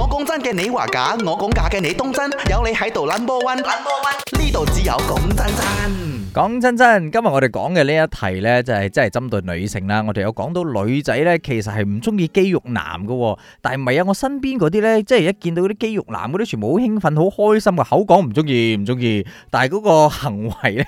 我講真嘅，你話假；我講假嘅，你當真。有你喺度 number one，number one，呢度只有講真真。講真真，今日我哋講嘅呢一題咧，就係真係針對女性啦。我哋有講到女仔咧，其實係唔中意肌肉男噶。但係唔係啊？我身邊嗰啲咧，即係一見到嗰啲肌肉男嗰啲，全部好興奮、好開心噶。口講唔中意、唔中意，但係嗰個行為咧，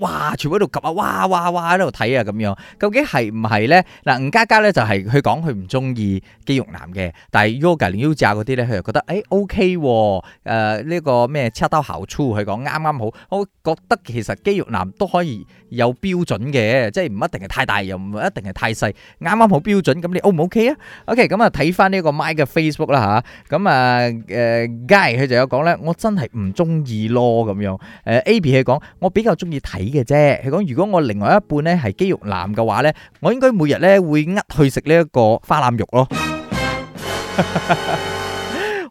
哇，全部喺度 𥄫 啊，哇哇哇喺度睇啊，咁樣究竟係唔係咧？嗱，吳嘉嘉咧就係佢講佢唔中意肌肉男嘅，但係 Yoga Yoga。嗰啲咧，佢又覺得，誒，O K 喎，誒，呢個咩，七刀厚粗，佢講，啱啱好，我覺得其實肌肉男都可以有標準嘅，即係唔一定係太大，又唔一定係太細，啱啱好標準。咁你 O 唔 O K 啊？O K，咁啊，睇翻呢一個麥嘅 Facebook 啦嚇，咁啊，誒，Guy 佢就有講咧，我真係唔中意咯咁樣。誒，Abby 佢講，我比較中意睇嘅啫。佢講，如果我另外一半咧係肌肉男嘅話咧，我應該每日咧會呃佢食呢一個花腩肉咯。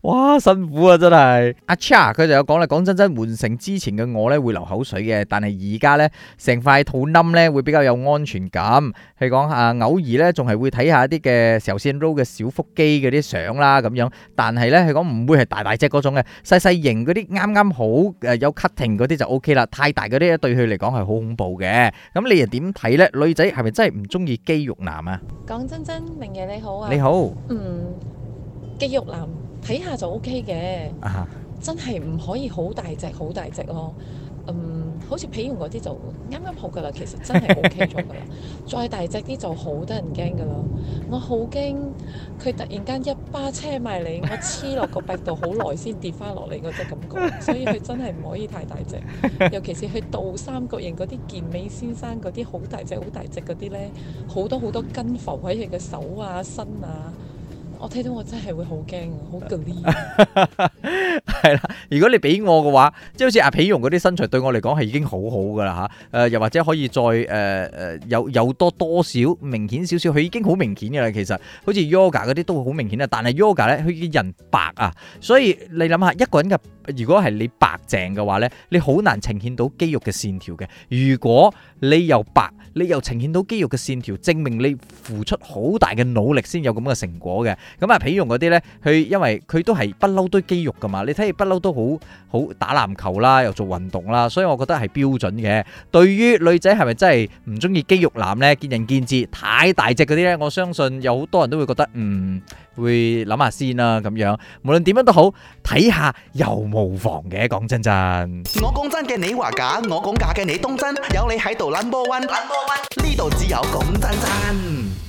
哇，辛苦啊，真係！阿 Charles 佢就有講啦，講真真換成之前嘅我咧會流口水嘅，但係而家咧成塊肚冧咧會比較有安全感。佢講啊，偶爾咧仲係會睇下一啲嘅 Sean Rowe 嘅小腹肌嗰啲相啦咁樣，但係咧佢講唔會係大大隻嗰種嘅，細細型嗰啲啱啱好誒有 cutting 嗰啲就 OK 啦，太大嗰啲咧對佢嚟講係好恐怖嘅。咁你又點睇咧？女仔係咪真係唔中意肌肉男啊？講真真，明爺你好啊！你好，嗯，肌肉男。睇下就 O K 嘅，uh huh. 真係唔可以好大隻好大隻咯。嗯，好似皮完嗰啲就啱啱好噶啦，其實真係 O K 咗噶啦。 再大隻啲就好得人驚噶啦。我好驚佢突然間一巴車埋你，我黐落個壁度好耐先跌翻落嚟嗰隻感覺。 所以佢真係唔可以太大隻，尤其是佢倒三角形嗰啲健美先生嗰啲好大隻好大隻嗰啲呢，好多好多根浮喺佢嘅手啊身啊。我聽到我真係會好驚好緊啲，係啦。 如果你俾我嘅話，即係好似阿皮容嗰啲身材，對我嚟講係已經好好噶啦嚇。誒、呃，又或者可以再誒誒、呃、有有多多少明顯少少，佢已經好明顯嘅啦。其實好似 yoga 嗰啲都會好明顯啊。但係 yoga 咧，佢嘅人白啊，所以你諗下一個人嘅，如果係你白淨嘅話咧，你好難呈現到肌肉嘅線條嘅。如果你又白，你又呈現到肌肉嘅線條，證明你付出好大嘅努力先有咁嘅成果嘅。咁啊，譬如用嗰啲咧，佢因為佢都係不嬲堆肌肉噶嘛，你睇佢不嬲都好好打籃球啦，又做運動啦，所以我覺得係標準嘅。對於女仔係咪真係唔中意肌肉男咧，見仁見智。太大隻嗰啲咧，我相信有好多人都會覺得，嗯，會諗下先啦，咁樣無論點樣都好，睇下又無妨嘅。講真真，我講真嘅，你話假，我講假嘅，你當真。有你喺度，number one，number one，呢度只有講真真。